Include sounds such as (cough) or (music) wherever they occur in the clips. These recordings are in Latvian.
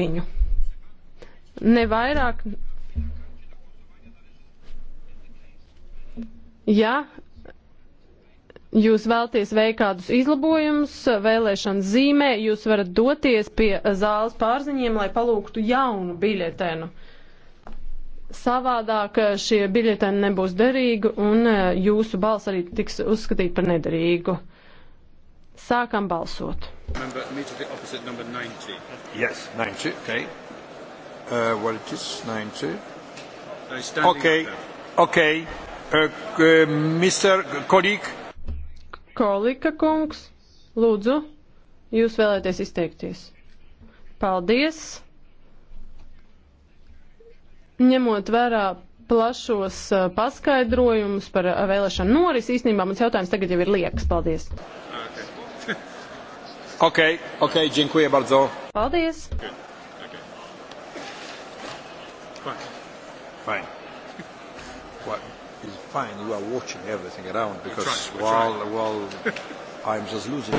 latiņu. Ne vairāk. Ja jūs vēlties veikt kādus izlabojumus vēlēšanas zīmē, jūs varat doties pie zāles pārziņiem, lai palūgtu jaunu biļetenu. Savādāk šie biļeteni nebūs derīgi un eh, jūsu balss arī tiks uzskatīt par nederīgu. Sākam balsot! Member immediately opposite number 90. Yes, 90, okay. Uh, what it is, 90. Uh, okay, okay. Uh, uh, Mr. Kolik. Kolika kungs, lūdzu, jūs vēlēties izteikties. Paldies. Ņemot vērā plašos uh, paskaidrojumus par uh, vēlēšanu norisi, īstenībā mans jautājums tagad jau ir liekas. Paldies. Okej, okay, okej, okay, dziękuję bardzo. Paldies. Okay. Okay. Fine. Fine. What is fine, you are watching everything around because we're trying, we're while, trying. while (laughs) I'm just losing.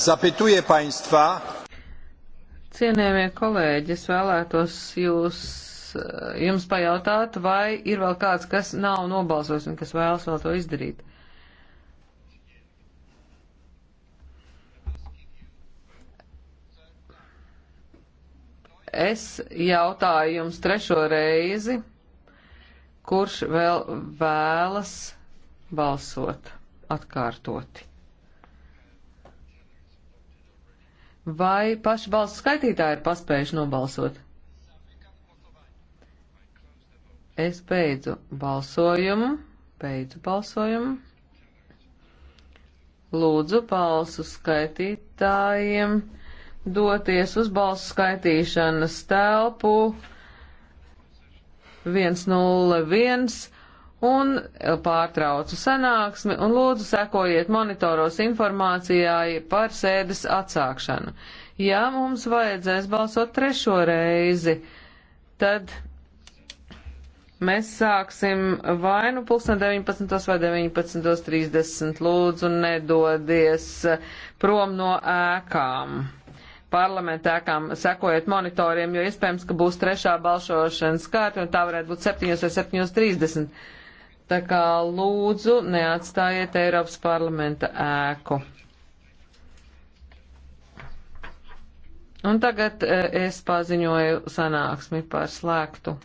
Zapytuję Państwa. Cienējamie kolēģi, es vēlētos jūs, eh, jums pajautāt, vai ir vēl kāds, kas nav nobalsojis un kas vēlas vēl to izdarīt. Es jautāju jums trešo reizi, kurš vēl vēlas balsot atkārtoti. Vai paši balsu skaitītāji ir paspējuši nobalsot? Es beidzu balsojumu, beidzu balsojumu. Lūdzu balsu skaitītājiem doties uz balsu skaitīšanas telpu 101 un eh, pārtraucu sanāksmi un lūdzu sekojiet monitoros informācijai par sēdes atsākšanu. Ja mums vajadzēs balsot trešo reizi, tad mēs sāksim vai nu pulksten 19. vai 19.30. Lūdzu, nedodies eh, prom no ēkām parlamentēkām sekojiet monitoriem, jo iespējams, ka būs trešā balsošanas kārta, un tā varētu būt 7 vai 7.30. Tā kā lūdzu neatstājiet Eiropas parlamenta ēku. Un tagad eh, es paziņoju sanāksmi par slēgtu.